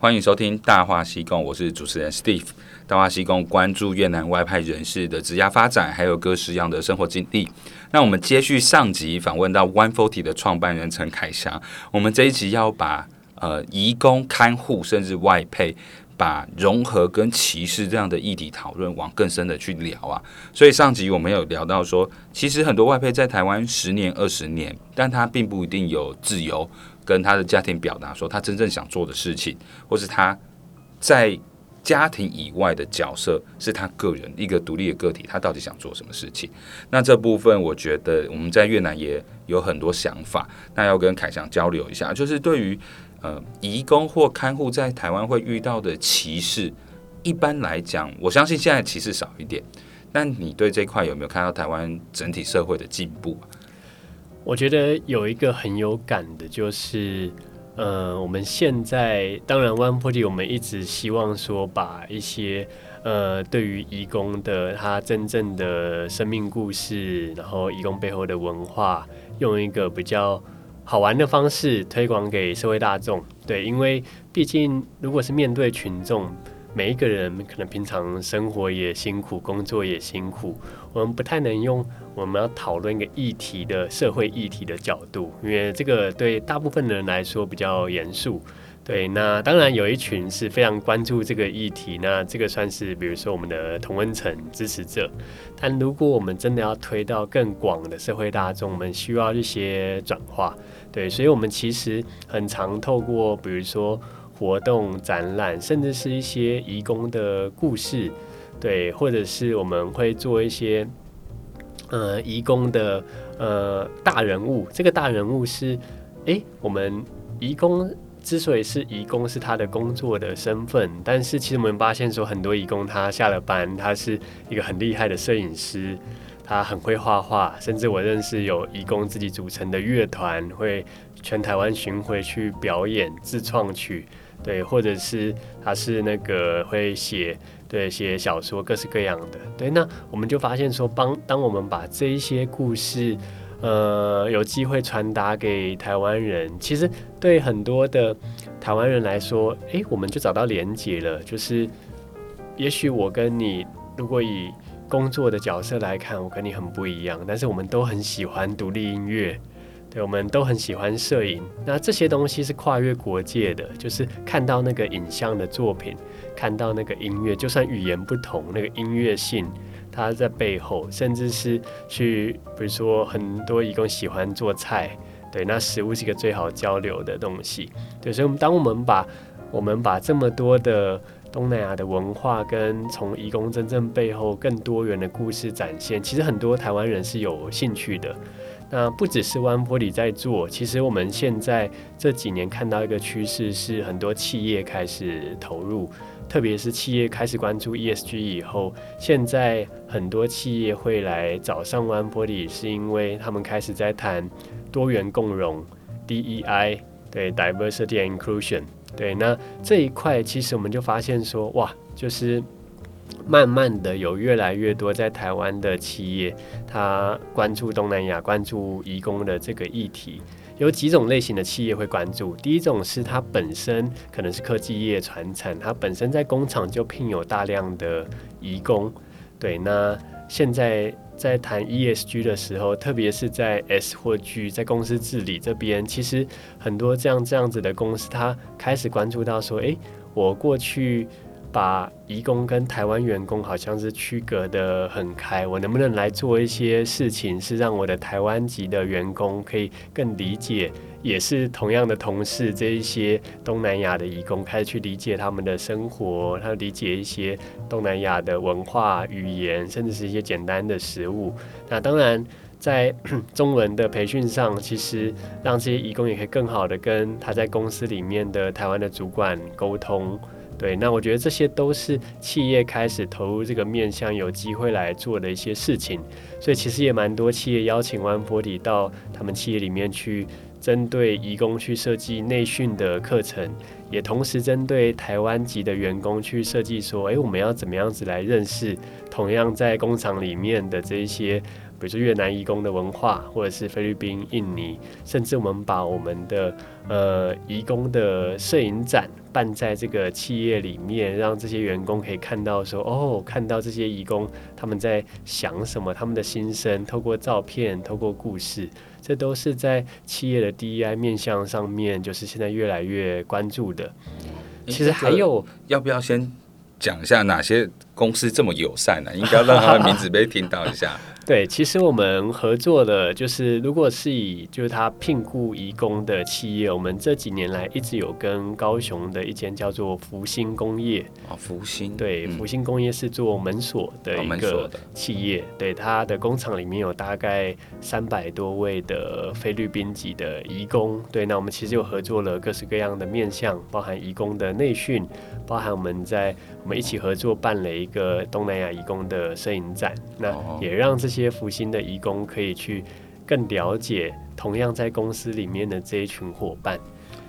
歡迎收聽《大話西貢》，我是主持人 Steve。大話西貢關注越南外派人士的職涯發展，還有各式樣的生活經歷。那我們接續上集，訪問到 One Forty 的創辦人陳凱翔，我們這一集要把呃，移工看護甚至外配，把融合跟歧視這樣的議題討論往更深的去聊啊。所以上集我們有聊到說，其實很多外配在台灣十年、二十年，但他並不一定有自由。跟他的家庭表達說，他真正想做的事情，或是他在家庭以外的角色，是他個人一個獨立的個體，他到底想做什麼事情？那這部分，我覺得我們在越南也有很多想法，那要跟凱翔交流一下，就是對於呃，移工或看護在台灣會遇到的歧視，一般來講，我相信現在歧視少一點。但你對這塊有沒有看到台灣整體社會的進步？我覺得有一個很有感的，就是，呃，我們現在當然 One Forty 我們一直希望說把一些呃，對於移工的他真正的生命故事，然後移工背後的文化，用一個比較好玩的方式推廣給社會大眾。對，因為畢竟如果是面對群眾。每一個人可能平常生活也辛苦，工作也辛苦。我們不太能用我們要討論一個議題的社會議題的角度，因為這個對大部分的人來說比較嚴肅。對，那當然有一群是非常關注這個議題，那這個算是比如說我們的同溫層支持者。但如果我們真的要推到更廣的社會大眾，我們需要一些轉化。對，所以我們其實很常透過比如說。活動、展覽，甚至是一些移工的故事，對，或者是我們會做一些，呃，移工的，呃，大人物。這個大人物是，誒、欸，我們移工之所以是移工，是他的工作的身份。但是，其實我們發現說，很多移工他下了班，他是一個很厲害的攝影師，他很會畫畫，甚至我認識有移工自己組成的樂團，會全台灣巡回去表演自創曲。對，或者是他是那個會寫對寫小說各式各樣的，對，那我們就發現說，幫，幫當我們把這一些故事，呃，有機會傳達給台灣人，其實對很多的台灣人來說，哎，我們就找到連接了，就是也許我跟你如果以工作的角色來看，我跟你很不一樣，但是我們都很喜歡獨立音樂。對，我們都很喜歡攝影。那這些東西是跨越國界的，就是看到那個影像的作品，看到那個音樂，就算語言不同，那個音樂性它在背後，甚至是去，比如說很多移工喜歡做菜，對，那食物是一個最好交流的東西。對，所以我們當我們把我們把這麼多的東南亞的文化跟從移工真正背後更多元的故事展現，其實很多台灣人是有興趣的。那不只是 One-Forty 在做，其實我們現在這幾年看到一個趨勢是，很多企業開始投入，特別是企業開始關注 ESG 以後，現在很多企業會來找上 One-Forty，是因為他們開始在談多元共融 DEI，對，Diversity and Inclusion，對，那這一塊其實我們就發現說，哇，就是。慢慢的有越來越多在台灣的企業，他關注東南亞、關注移工的這個議題。有幾種類型的企業會關注，第一種是它本身可能是科技業傳產，它本身在工廠就聘有大量的移工。對，那現在在談 ESG 的時候，特別是在 S 或 G，在公司治理這邊，其實很多這樣這樣子的公司，它開始關注到說，哎、欸，我過去。把移工跟台灣員工好像是區隔得很開，我能不能來做一些事情，是讓我的台灣籍的員工可以更理解，也是同樣的同事這一些東南亞的移工，開始去理解他們的生活，他理解一些東南亞的文化、語言，甚至是一些簡單的食物。那當然在，在 中文的培訓上，其實讓這些移工也可以更好的跟他在公司裡面的台灣的主管溝通。對，那我覺得這些都是企業開始投入這個面向有機會來做的一些事情，所以其實也蠻多企業邀請 One-Forty 到他們企業裡面去，針對移工去設計內訓的課程，也同時針對台灣籍的員工去設計說，哎，我們要怎麼樣子來認識同樣在工廠裡面的這些。比如說越南移工的文化，或者是菲律賓、印尼，甚至我們把我們的呃移工的攝影展辦在這個企業裡面，讓這些員工可以看到說，說哦，看到這些移工他們在想什麼，他們的心聲，透過照片，透過故事，這都是在企業的 DEI 面向上面，就是現在越來越關注的。嗯，其實還有，要不要先講一下哪些？公司這麼友善呢、啊，應該讓他的名字被聽到一下。 對，其實我們合作的，就是如果是以就是他聘雇移工的企業，我們這幾年來一直有跟高雄的一間叫做福星工業啊，福星對，嗯、福星工業是做門鎖的一個企業，啊、對，他的工廠裡面有大概三百多位的菲律賓籍的移工，對，那我們其實有合作了各式各樣的面向，包含移工的內訓，包含我們在我們一起合作辦了一。一個東南亞移工的攝影展，那也讓這些福星的移工可以去更了解同樣在公司裡面的這一群夥伴。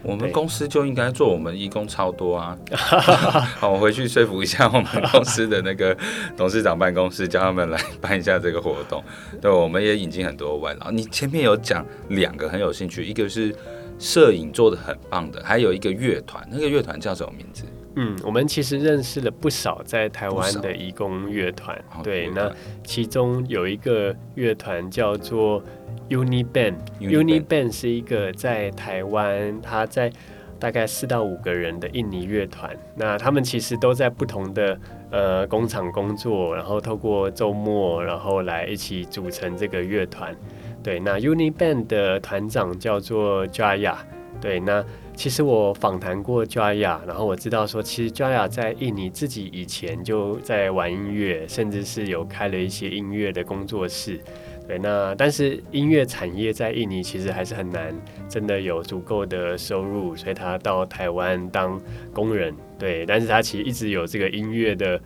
我們公司就應該做，我們移工超多啊！ 好，我回去說服一下我們公司的那個董事長辦公室，叫他們來辦一下這個活動。對，我們也引進很多外勞。你前面有講兩個很有興趣，一個是攝影做得很棒的，還有一個樂團。那個樂團叫什麼名字？嗯，我們其實認識了不少在台灣的移工樂團。少對，好那其中有一個樂團叫做 Uni Band Un。Uni Band 是一個在台灣，他在大概四到五個人的印尼樂團。那他們其實都在不同的呃工廠工作，然後透過周末，然後來一起組成這個樂團。對，那 Uni Band 的團長叫做 Jaya。對，那。其實我訪談過 Jaya，然後我知道說，其實 Jaya 在印尼自己以前就在玩音樂，甚至是有開了一些音樂的工作室。對，那但是音樂產業在印尼其實還是很難，真的有足夠的收入，所以他到台灣當工人。對，但是他其實一直有這個音樂的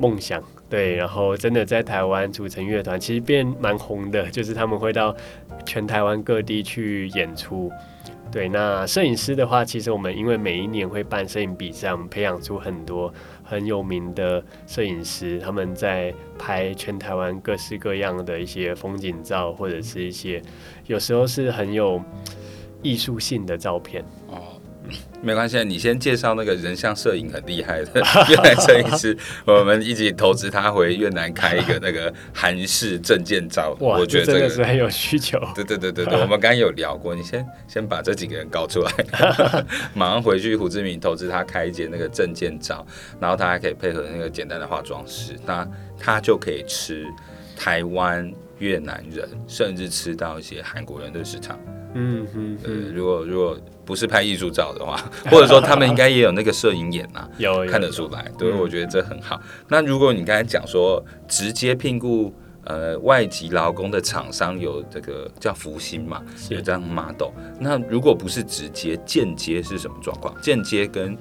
夢想。對，然後真的在台灣組成樂團，其實變蠻紅的，就是他們會到全台灣各地去演出。對，那攝影師的話，其實我們因為每一年會辦攝影比賽，我們培養出很多很有名的攝影師，他們在拍全台灣各式各樣的一些風景照，或者是一些有時候是很有藝術性的照片。嗯、沒關係，你先介紹那個人像攝影很厲害的 越南攝影師，我們一起投資他回越南開一個那個韓式證件照。哇我覺得這個這真的是很有需求。對對對對，對 我們剛剛有聊過，你先先把這幾個人搞出來， 馬上回去。胡志明投資他開一間那個證件照，然後他還可以配合那個簡單的化妝師，那他就可以吃台灣、越南人，甚至吃到一些韓國人的市場。嗯哼，嗯嗯，如果如果不是拍藝術照的話，或者說他們應該也有那個攝影眼啊， 有看得出來，所以對有我覺得這很好。嗯、那如果你剛才講說直接聘雇呃外籍勞工的廠商有這個叫福星嘛，是有這樣 model，那如果不是直接，間接是什麼狀況？間接跟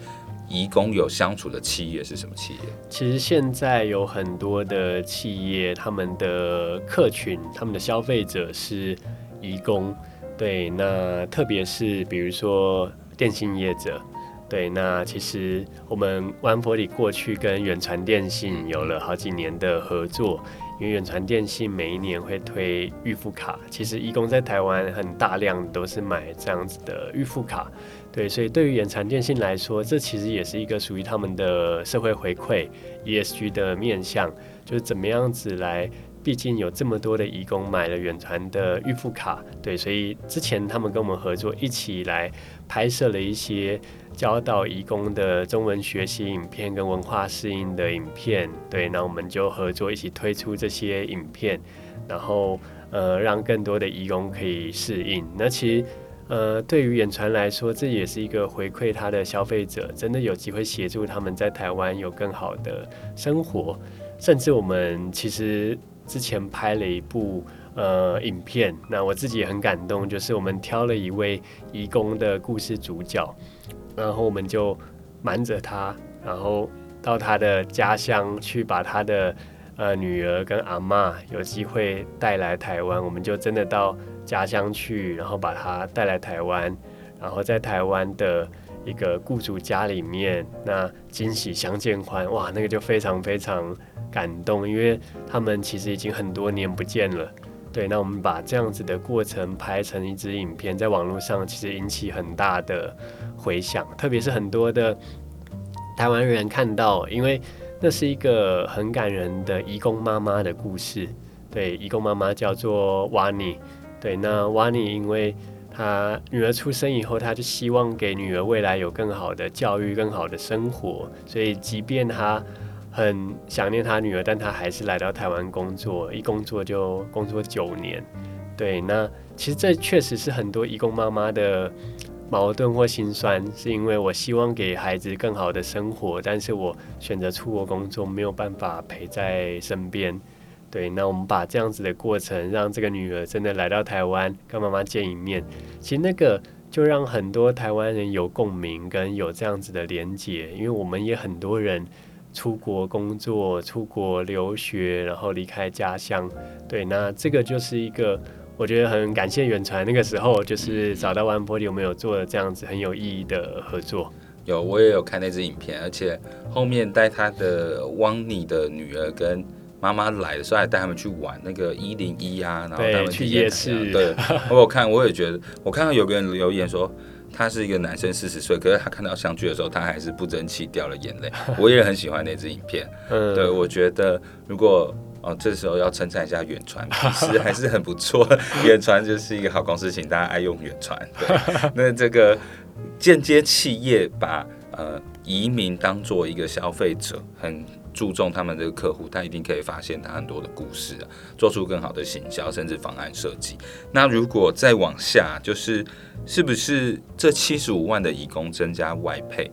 移工有相處的企業是什麼企業？其實現在有很多的企業，他們的客群、他們的消費者是移工。對，那特別是比如說電信業者，對，那其實我們 One-Forty 過去跟遠傳電信有了好幾年的合作，因為遠傳電信每一年會推預付卡，其實移工在台灣很大量都是買這樣子的預付卡，對，所以對於遠傳電信來說，這其實也是一個屬於他們的社會回饋 ESG 的面向，就是怎麼樣子來。畢竟有這麼多的移工買了遠傳的預付卡，對，所以之前他們跟我們合作，一起來拍攝了一些教導移工的中文學習影片跟文化適應的影片，對，那我們就合作一起推出這些影片，然後呃，讓更多的移工可以適應。那其實呃，對於遠傳來說，這也是一個回饋他的消費者，真的有機會協助他們在台灣有更好的生活，甚至我們其實。之前拍了一部呃影片，那我自己也很感動，就是我們挑了一位移工的故事主角，然後我們就瞞着他，然後到他的家鄉去把他的呃女兒跟阿嬤有機會帶來台灣，我們就真的到家鄉去，然後把他帶來台灣，然後在台灣的。一個雇主家裡面，那驚喜相見歡，哇，那個就非常非常感動，因為他們其實已經很多年不見了。對，那我們把這樣子的過程拍成一支影片，在網絡上其實引起很大的回響，特別是很多的台灣人看到，因為那是一個很感人的移工媽媽的故事。對，移工媽媽叫做瓦尼。對，那瓦尼因為。他女兒出生以後，他就希望給女兒未來有更好的教育、更好的生活，所以即便他很想念他女兒，但他還是來到台灣工作，一工作就工作九年。對，那其實這確實是很多移工媽媽的矛盾或心酸，是因為我希望給孩子更好的生活，但是我選擇出國工作，沒有辦法陪在身邊。對，那我們把這樣子的過程，讓這個女兒真的來到台灣跟媽媽見一面。其實那個就讓很多台灣人有共鳴跟有這樣子的連接。因為我們也很多人出國工作、出國留學，然後離開家鄉。對，那這個就是一個我覺得很感謝遠傳那個時候，就是找到 One-Forty，我們有做了這樣子很有意義的合作。有，我也有看那支影片，而且後面帶他的汪妮的女兒跟。媽媽來的時候還帶他們去玩那個一零一啊，然後帶他們去夜市。對，我有看，我也覺得，我看到有個人留言說，他是一個男生四十歲，可是他看到相聚的時候，他還是不爭氣掉了眼淚。我也很喜歡那支影片，嗯，對，我覺得如果哦這時候要稱讚一下遠傳，其實還是很不錯。 遠傳就是一個好公司，請大家愛用遠傳。對，那這個間接企業把呃移民當做一個消費者，很。注重他們這個客戶，他一定可以發現他很多的故事啊，做出更好的行銷，甚至方案設計。那如果再往下，就是是不是這七十五萬的移工增加外配？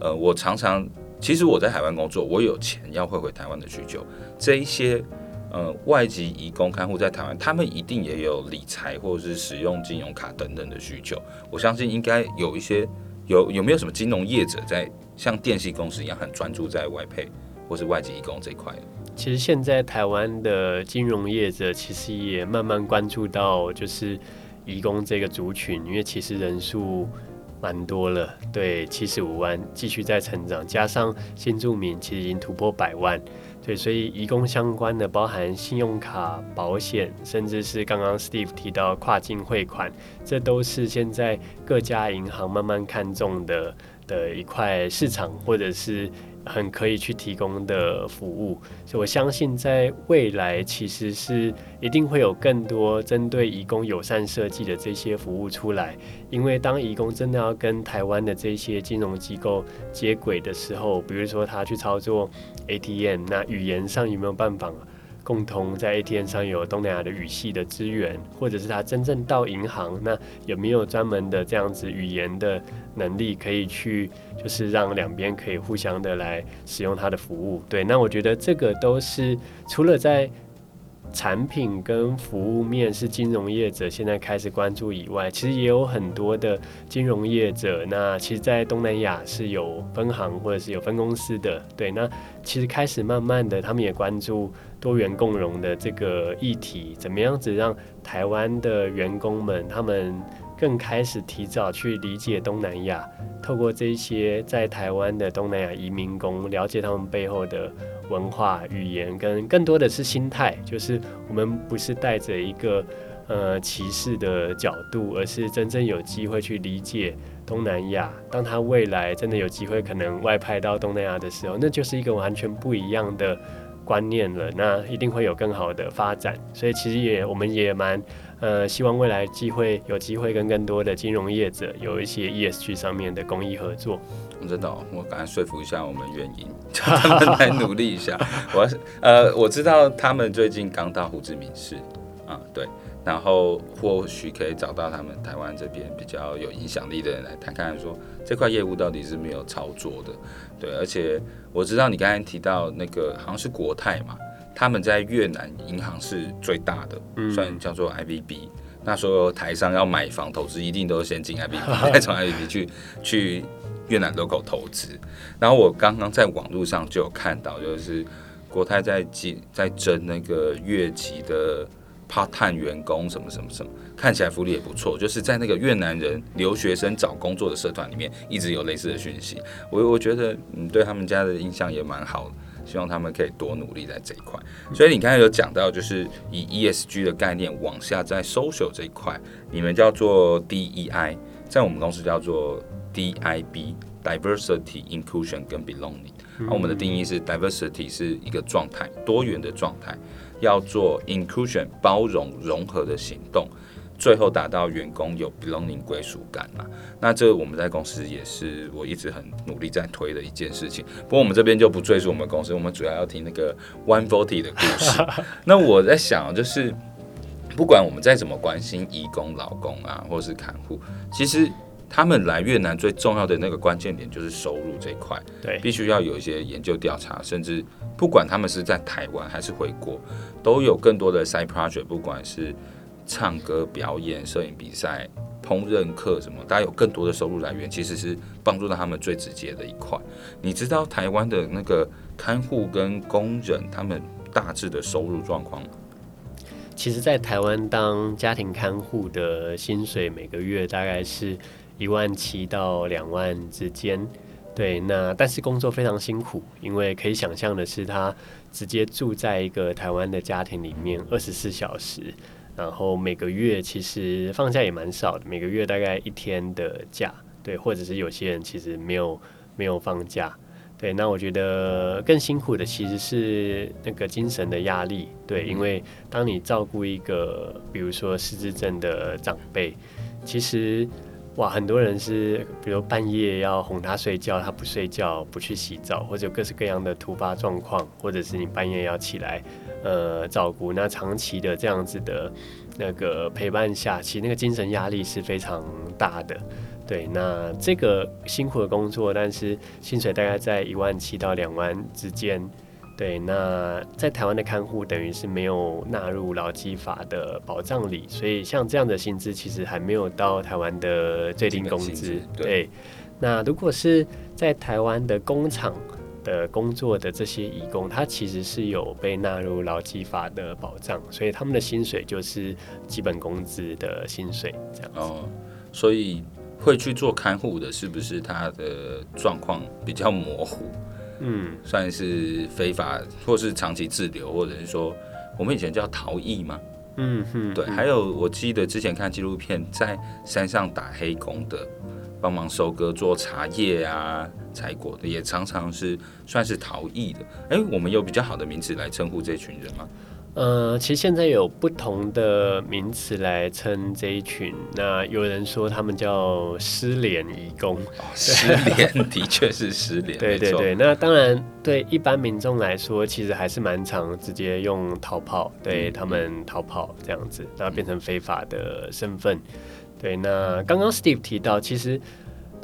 呃，我常常其實我在台灣工作，我有錢要匯回台灣的需求。這一些呃外籍移工看護在台灣，他們一定也有理財或者是使用金融卡等等的需求。我相信應該有一些有，有沒有什麼金融業者在像電信公司一樣很專注在外配？或是外籍移工這一塊，其實現在台灣的金融業者其實也慢慢關注到，就是移工這個族群，因為其實人數蠻多了，對，七十五萬繼續在成長，加上新住民其實已經突破百萬，對，所以移工相關的，包含信用卡、保險，甚至是剛剛 Steve 提到跨境匯款，這都是現在各家銀行慢慢看中的的一塊市場，或者是。很可以去提供的服務，所以我相信在未來其實是一定會有更多針對移工友善設計的這些服務出來。因為當移工真的要跟台灣的這些金融機構接軌的時候，比如說他去操作 ATM，那語言上有沒有辦法啊？共同，在 ATM 上有東南亞的語系的資源，或者是他真正到銀行，那有沒有專門的這樣子語言的能力，可以去就是讓兩邊可以互相的來使用他的服務？對，那我覺得這個都是除了在產品跟服務面，是金融業者現在開始關注以外，其實也有很多的金融業者，那其實在東南亞是有分行或者是有分公司的，對，那其實開始慢慢的他們也關注。多元共榮的這個議題，怎麼樣子讓台灣的員工們他們更開始提早去理解東南亞？透過這些在台灣的東南亞移民工，了解他們背後的文化、語言，跟更多的是心態。就是我們不是帶着一個呃歧視的角度，而是真正有機會去理解東南亞。當他未來真的有機會可能外派到東南亞的時候，那就是一個完全不一樣的。觀念了，那一定會有更好的發展。所以其實也我們也蠻呃希望未來機會有機會跟更多的金融業者有一些 ESG 上面的公益合作。我真的、哦，我趕快說服一下我們原因 他們來努力一下。 我要呃我知道他們最近剛到胡志明市，啊對。然後或許可以找到他們台灣這邊比較有影響力的人來談看說這塊業務到底是沒有操作的，對。而且我知道你剛才提到那個好像是國泰嘛，他們在越南銀行是最大的，算叫做 IVB、嗯、那說台商要買房投資，一定都先進 IVB 再從 IVB 去去越南 local 投資。然後我剛剛在網絡上就有看到，就是國泰在進在爭那個越籍的。part-time 員工什麼什麼什麼，看起來福利也不錯，就是在那個越南人留學生找工作的社團裡面，一直有類似的訊息。我我覺得你對他們家的印象也蠻好的，希望他們可以多努力在這一塊。所以你剛才有講到，就是以 ESG 的概念往下在 social 這一塊，你們叫做 DEI，在我們公司叫做 DIB（Diversity，Inclusion，跟 Belonging）。嗯、我們的定義是，diversity 是一個狀態，多元的狀態。要做 inclusion 包容融合的行動，最後達到員工有 belonging 歸屬感嘛？那這個我們在公司也是我一直很努力在推的一件事情。不過我們這邊就不贅述我們公司，我們主要要聽那個 One Forty 的故事。 那我在想，就是不管我們再怎麼關心移工、勞工啊，或是看護，其實，他們來越南最重要的那個關鍵點就是收入這一塊，對，必須要有一些研究調查，甚至不管他們是在台灣還是回國，都有更多的 side project，不管是唱歌表演、攝影比賽、烹飪課什麼，大家有更多的收入來源，其實是幫助到他們最直接的一塊。你知道台灣的那個看護跟工人他們大致的收入狀況嗎？其實在台灣當家庭看護的薪水每個月大概是。一萬七到兩萬之間，對，那但是工作非常辛苦，因為可以想象的是，他直接住在一個台灣的家庭裡面，二十四小時，然後每個月其實放假也蠻少的，每個月大概一天的假，對，或者是有些人其實沒有沒有放假，對，那我覺得更辛苦的其實是那個精神的壓力，對，因為當你照顧一個比如說失智症的長輩，其實。哇，很多人是，比如半夜要哄他睡覺，他不睡覺，不去洗澡，或者各式各樣的突發狀況，或者是你半夜要起來，呃，照顧。那長期的這樣子的那個陪伴下，其實那個精神壓力是非常大的。對，那這個辛苦的工作，但是薪水大概在一萬七到兩萬之間。對，那在台灣的看護等於是沒有納入勞基法的保障裡，所以像這樣的薪資其實還沒有到台灣的最低工資。對，對，那如果是在台灣的工廠的工作的這些移工，他其實是有被納入勞基法的保障，所以他們的薪水就是基本工資的薪水這樣哦，所以會去做看護的，是不是他的狀況比較模糊？嗯，算是非法，或是長期滯留，或者是說，我們以前叫逃逸嗎？嗯，嗯，對。還有，我記得之前看紀錄片，在山上打黑工的，幫忙收割做茶葉啊、採果的，也常常是算是逃逸的。哎、欸，我們有比較好的名字來稱呼這群人嗎？呃，其實現在有不同的名詞來稱這一群。那有人說他們叫失聯移工，哦、失聯的確是失聯。 對對對，錯那當然對一般民眾來說，其實還是蠻常直接用逃跑，對，嗯嗯他們逃跑這樣子，然後變成非法的身份。嗯、對，那剛剛 Steve 提到，其實。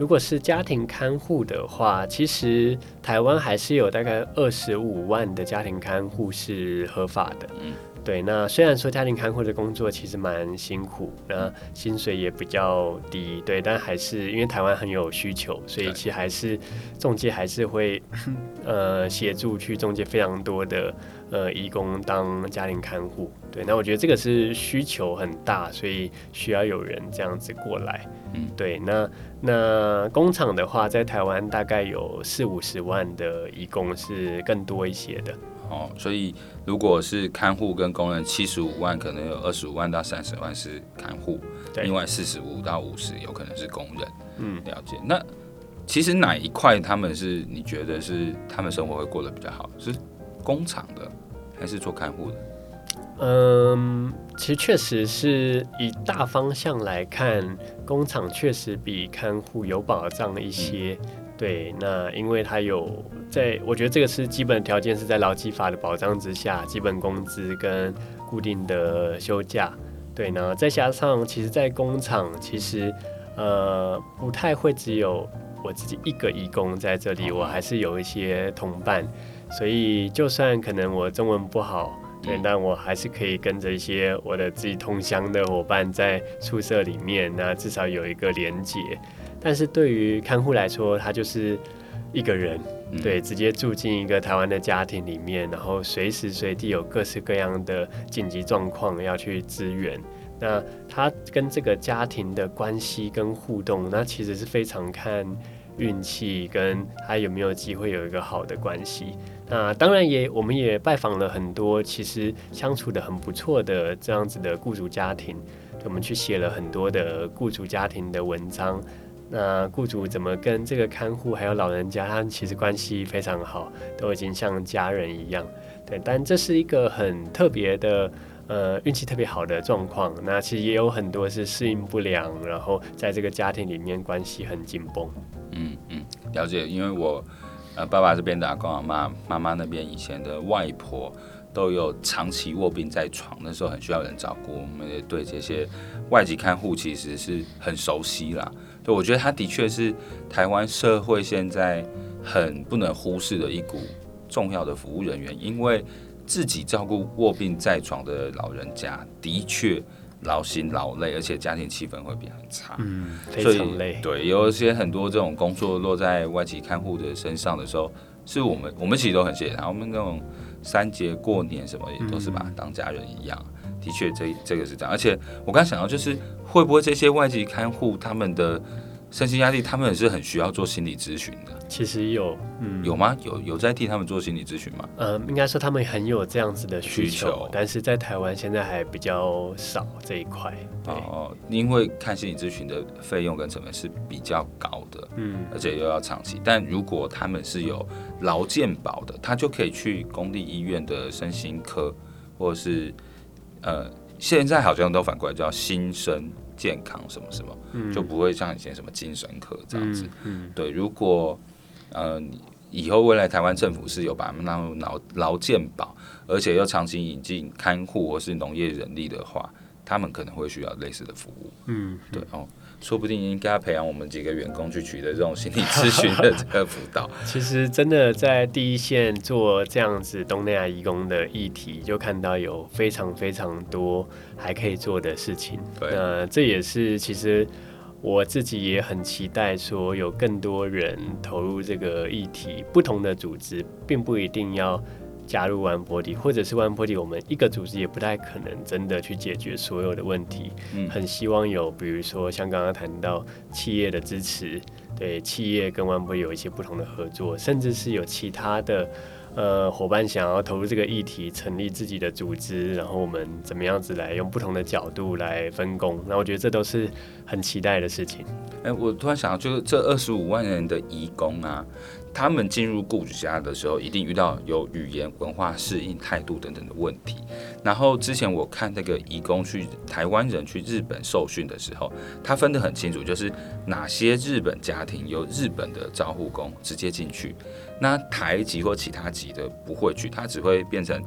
如果是家庭看護的話，其實台灣還是有大概二十五萬的家庭看護是合法的。嗯，對。那雖然說家庭看護的工作其實蠻辛苦，那薪水也比較低，對，但還是因為台灣很有需求，所以其實還是對中介還是會呃協助去中介非常多的呃移工當家庭看護。對，那我覺得這個是需求很大，所以需要有人這樣子過來。嗯，對，那那工廠的話，在台灣大概有四五十萬的，一共是更多一些的。哦，所以如果是看護跟工人七十五萬，可能有二十五萬到三十萬是看護，對另外四十五到五十有可能是工人。嗯，了解。那其實哪一塊他們是你覺得是他們生活會過得比較好？是工廠的，還是做看護的？嗯，其實確實是以大方向來看，工廠確實比看護有保障一些。嗯、對，那因為它有在，我覺得這個是基本條件，是在勞基法的保障之下，基本工資跟固定的休假。對，那再加上，其實，在工廠，其實呃，不太會只有我自己一個移工在這裡，我還是有一些同伴，所以就算可能我中文不好。對，但我還是可以跟着一些我的自己同鄉的夥伴在宿舍裡面，那至少有一個連接，但是對於看護來說，他就是一個人，對，直接住進一個台灣的家庭裡面，然後隨時隨地有各式各樣的緊急狀況要去支援。那他跟這個家庭的關係跟互動，那其實是非常看。運氣跟他有沒有機會有一個好的關係？那當然也，我們也拜訪了很多，其實相處得很不錯的這樣子的雇主家庭，我們去寫了很多的雇主家庭的文章。那雇主怎麼跟這個看護還有老人家，他們其實關係非常好，都已經像家人一樣。對，但這是一個很特別的。呃，運氣特別好的狀況，那其實也有很多是適應不良，然後在這個家庭裡面關係很緊繃。嗯嗯，了解，因為我呃爸爸這邊的阿公、阿嬤、媽媽媽那邊以前的外婆都有長期臥病在床，那時候很需要人照顧，我們也對這些外籍看護其實是很熟悉啦。對，我覺得他的確是台灣社會現在很不能忽視的一股重要的服務人員，因為。自己照顧臥病在床的老人家，的確勞心勞累，而且家庭氣氛會變很差。嗯，非常累。對，有一些很多這種工作落在外籍看護的身上的時候，是我們我們其實都很謝謝他們。那種三節過年什麼也都是把他當家人一樣。嗯，的確，這這個是這樣。而且我剛剛想到，就是會不會這些外籍看護他們的。身心壓力，他們也是很需要做心理諮詢的。其實有，嗯，有嗎？有有在替他們做心理諮詢嗎？呃、嗯，應該說他們很有這樣子的需求，需求，但是在台灣現在還比較少這一塊。哦，因為看心理諮詢的費用跟成本是比較高的，嗯，而且又要長期。但如果他們是有勞健保的，他就可以去公立醫院的身心科，或者是呃，現在好像都反過來叫心身，健康什麼什麼，就不會像以前什麼精神科這樣子。嗯、對，如果呃以後未來台灣政府是有把他們納入勞勞健保，而且要長期引進看護或是農業人力的話。他們可能會需要類似的服務，嗯，嗯對哦，說不定應該要培養我們幾個員工去取得這種心理諮詢的這個輔導。其實，真的在第一線做這樣子東南亞移工的議題，就看到有非常非常多還可以做的事情。對，呃，這也是其實我自己也很期待，說有更多人投入這個議題，不同的組織並不一定要。加入 One-Forty，或者是 One-Forty，我們一個組織也不太可能真的去解決所有的問題。嗯，很希望有，比如說像剛剛談到企業的支持，對，企業跟 One-Forty 有一些不同的合作，甚至是有其他的呃夥伴想要投入這個議題，成立自己的組織，然後我們怎麼樣子來用不同的角度來分工？那我覺得這都是很期待的事情。欸，我突然想到，就是這二十五萬人的移工啊。他們進入雇主家的時候，一定遇到有語言、文化適應、態度等等的問題。然後之前我看那個移工去台灣人去日本受訓的時候，他分得很清楚，就是哪些日本家庭由日本的照護工直接進去，那台籍或其他籍的不會去，他只會變成。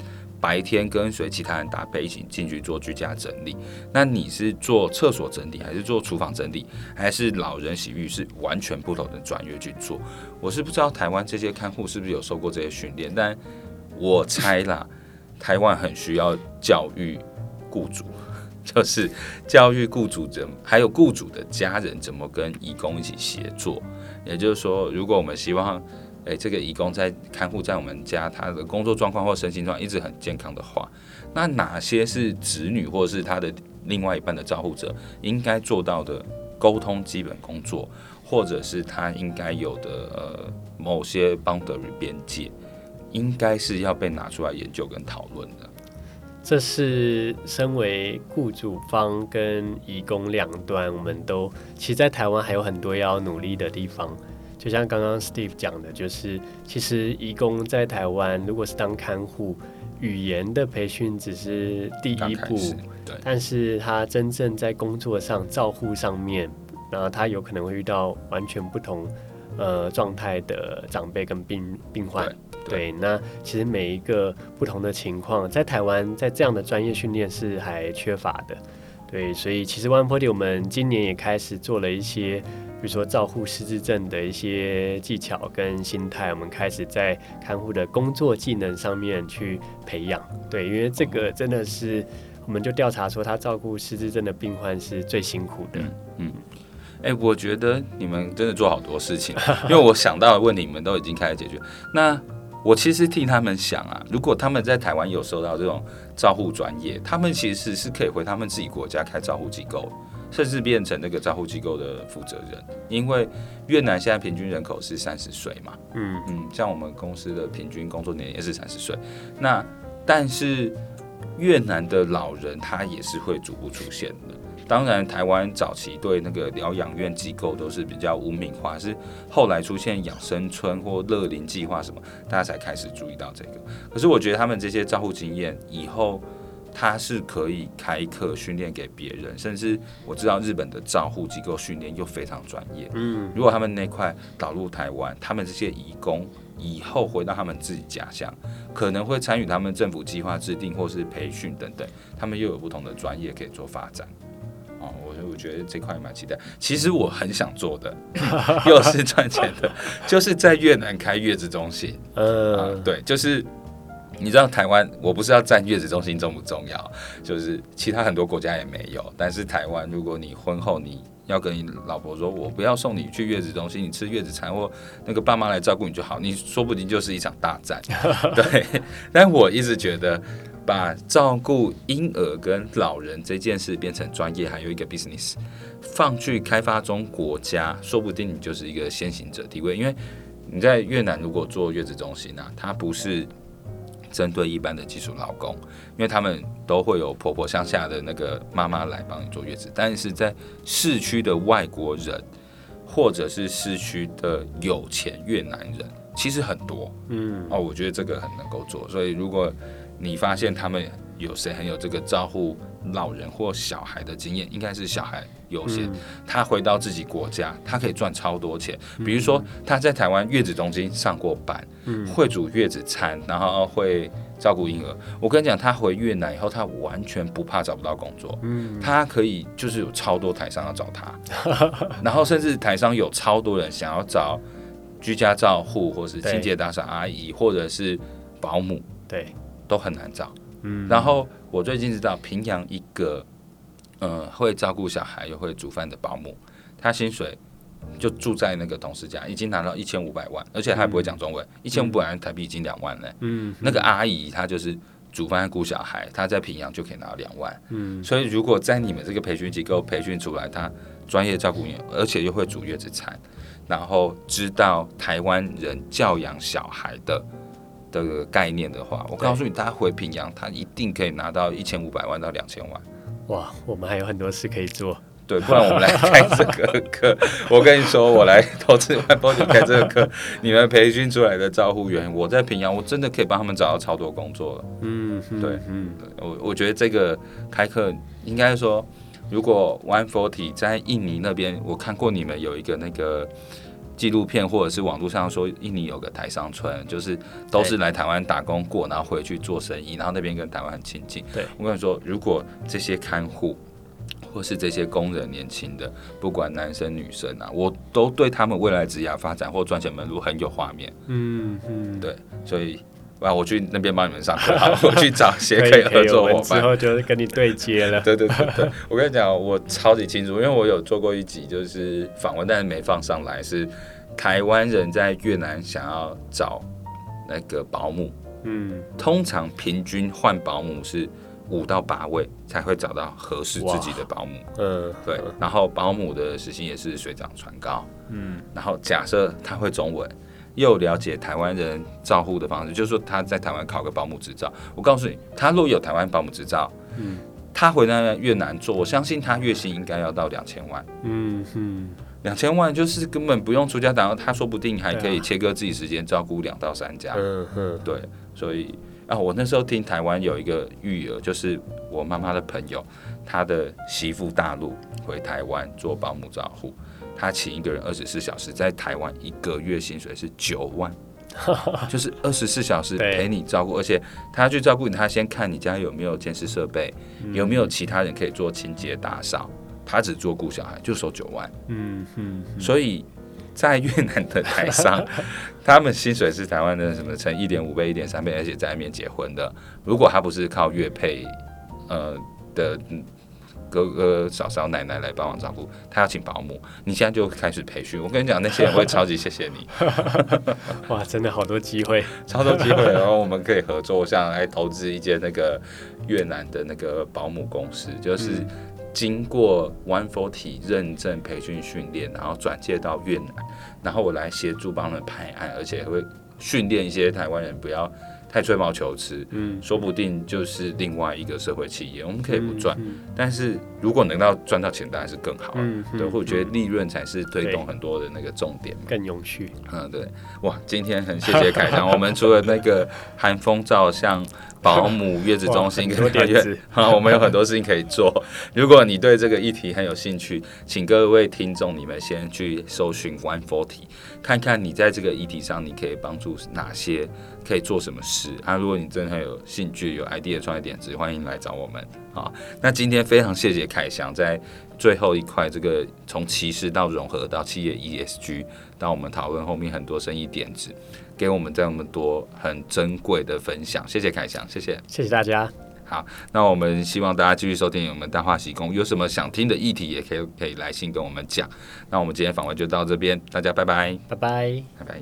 白天跟隨其他人搭配一起進去做居家整理，那你是做廁所整理，還是做廚房整理，還是老人洗浴，是完全不同的專業去做。我是不知道台灣這些看護是不是有受過這些訓練，但我猜啦，台灣很需要教育雇主，就是教育雇主怎，還有雇主的家人怎麼跟移工一起協作。也就是說，如果我們希望。哎、欸，這個移工在看護在我們家，他的工作狀況或身心狀況一直很健康的話，那哪些是子女或是他的另外一半的照護者應該做到的溝通基本工作，或者是他應該有的呃某些 boundary 邊界，應該是要被拿出來研究跟討論的。這是身為雇主方跟移工兩端，我們都其實，在台灣還有很多要努力的地方。就像剛剛 Steve 講的，就是其實移工在台灣，如果是當看護，語言的培訓只是第一步，但是他真正在工作上照護上面，然後他有可能會遇到完全不同呃狀態的長輩跟病病患。對，對，對，那其實每一個不同的情況，在台灣在這樣的專業訓練是還缺乏的，對，所以其實 One Forty 我們今年也開始做了一些。比如說照顧失智症的一些技巧跟心態，我們開始在看護的工作技能上面去培養。對，因為這個真的是，我們就調查說，他照顧失智症的病患是最辛苦的。嗯，哎、嗯欸，我覺得你們真的做好多事情，因為我想到的問題，你們都已經開始解決了。 那我其實替他們想啊，如果他們在台灣有受到這種照護專業，他們其實是可以回他們自己國家開照護機構。甚至變成那個照護機構的負責人，因為越南現在平均人口是三十歲嘛，嗯嗯，像我們公司的平均工作年齡也是三十歲。那但是越南的老人他也是會逐步出現的。當然，台灣早期對那個療養院機構都是比較污名化，是後來出現養生村或樂齡計劃什麼，大家才開始注意到這個。可是我覺得他們這些照護經驗以後。他是可以開課訓練給別人，甚至我知道日本的照護機構訓練又非常專業。嗯，如果他們那塊導入台灣，他們這些移工以後回到他們自己家鄉，可能會參與他們政府計劃制定或是培訓等等，他們又有不同的專業可以做發展。哦，我我覺得這塊蠻期待。其實我很想做的，嗯、又是賺錢的， 就是在越南開月子中心。呃，呃，對，就是。你知道台灣，我不是要佔月子中心重不重要，就是其他很多國家也沒有，但是台灣，如果你婚後你要跟你老婆說，我不要送你去月子中心，你吃月子餐或那個爸媽來照顧你就好，你說不定就是一場大戰。 對，但我一直覺得把照顧嬰兒跟老人這件事變成專業，還有一個 business，放去開發中國家，說不定你就是一個先行者的地位。因為你在越南如果做月子中心啊，它不是。針對一般的技術老公，因為他們都會有婆婆鄉下的那個媽媽來幫你坐月子，但是在市區的外國人或者是市區的有錢越南人，其實很多，嗯，哦，我覺得這個很能夠做，所以如果你發現他們有誰很有這個照顧。老人或小孩的經驗，應該是小孩優先。嗯、他回到自己國家，他可以賺超多錢。嗯、比如說，他在台灣月子中心上過班，嗯、會煮月子餐，然後會照顧嬰兒。我跟你講，他回越南以後，他完全不怕找不到工作。嗯、他可以就是有超多台商要找他， 然後甚至台商有超多人想要找居家照護，或是清潔打掃阿姨，對或者是保姆，對，都很難找。嗯、然後我最近知道平陽一個，呃會照顧小孩又會煮飯的保姆，她薪水就住在那個同事家，已經拿到一千五百萬，而且她還不會講中文，一千五百萬台幣已經兩萬嘞。嗯，那個阿姨她就是煮飯顧小孩，她在平陽就可以拿到兩萬。嗯、所以如果在你們這個培訓機構培訓出來，她專業照顧你，而且又會煮月子餐，然後知道台灣人教養小孩的。的概念的話，我告訴你，他回平陽，他一定可以拿到一千五百萬到兩千萬。哇，我們還有很多事可以做。對，不然我們來開這個課。 我跟你說，我來投資 OneForty 開這個課，你們培訓出來的照護員，我在平陽，我真的可以幫他們找到超多工作了。嗯哼，對，嗯，我我覺得這個開課應該說，如果 OneForty 在印尼那邊，我看過你們有一個那個。紀錄片或者是網絡上說，印尼有個台商村，就是都是來台灣打工過，然後回去做生意，然後那邊跟台灣很親近。對，我跟你說，如果這些看護或是這些工人年輕的，不管男生女生啊，我都對他們未來職業發展或賺錢門路很有畫面嗯。嗯嗯，對，所以。啊！我去那邊幫你們上課，好，我去找誰可以合作夥伴。我 之後就是跟你對接了。 對對對對，我跟你講，我超級清楚，因為我有做過一集就是訪問，但是沒放上來。是台灣人在越南想要找那個保姆，嗯，通常平均換保姆是五到八位才會找到合適自己的保姆，嗯，呃、對。然後保姆的時薪也是水漲船高，嗯。然後假設他會中文。又了解台灣人照護的方式，就是說他在台灣考個保姆執照。我告訴你，他如果有台灣保姆執照，他回來越南做，我相信他月薪應該要到兩千萬，嗯，兩千萬就是根本不用出家打工，他說不定還可以切割自己時間照顧兩到三家，對，所以啊，我那時候聽台灣有一個育兒，就是我媽媽的朋友，她的媳婦大陸回台灣做保姆照護。他請一個人二十四小時在台灣一個月薪水是九萬， 就是二十四小時陪你照顧， 而且他去照顧你，他先看你家有沒有監視設備，嗯、有沒有其他人可以做清潔打掃，他只做顧小孩就收九萬。嗯嗯，嗯嗯，所以在越南的台商， 他們薪水是台灣的什麼，乘一點五倍、一點三倍，而且在外面結婚的，如果他不是靠越配，呃的。哥哥、嫂嫂、奶奶來幫忙照顧，他要請保姆，你現在就開始培訓。我跟你講，那些人會超級謝謝你。 哇，真的好多機會，超多機會。然後我們可以合作， 像來投資一間那個越南的那個保姆公司，就是經過 One Forty 認證培訓訓練，然後轉介到越南，然後我來協助幫人排案，而且會訓練一些台灣人不要太吹毛求疵，嗯，說不定就是另外一個社會企業，嗯、我們可以不賺，嗯嗯、但是如果能到賺到錢，當然是更好了、啊。嗯嗯、對，我覺得利潤才是推動很多的那個重點，更有趣，嗯，對，哇，今天很謝謝凱翔， 我們除了那個韓風照相保姆月子中心跟月子，啊、嗯，我們有很多事情可以做。如果你對這個議題很有興趣，請各位聽眾，你們先去搜尋 One Forty，看看你在這個議題上，你可以幫助哪些。可以做什麼事啊？如果你真的很有興趣、有 idea 的創業點子，歡迎來找我們。好，那今天非常謝謝凱翔，在最後一塊這個從歧視到融合到企業 ESG，到我們討論後面很多生意點子，給我們這麼多很珍貴的分享。謝謝凱翔，謝謝，謝謝大家。好，那我們希望大家繼續收聽我們大話西貢，有什麼想聽的議題，也可以可以來信跟我們講。那我們今天訪問就到這邊，大家拜拜，拜拜，拜拜。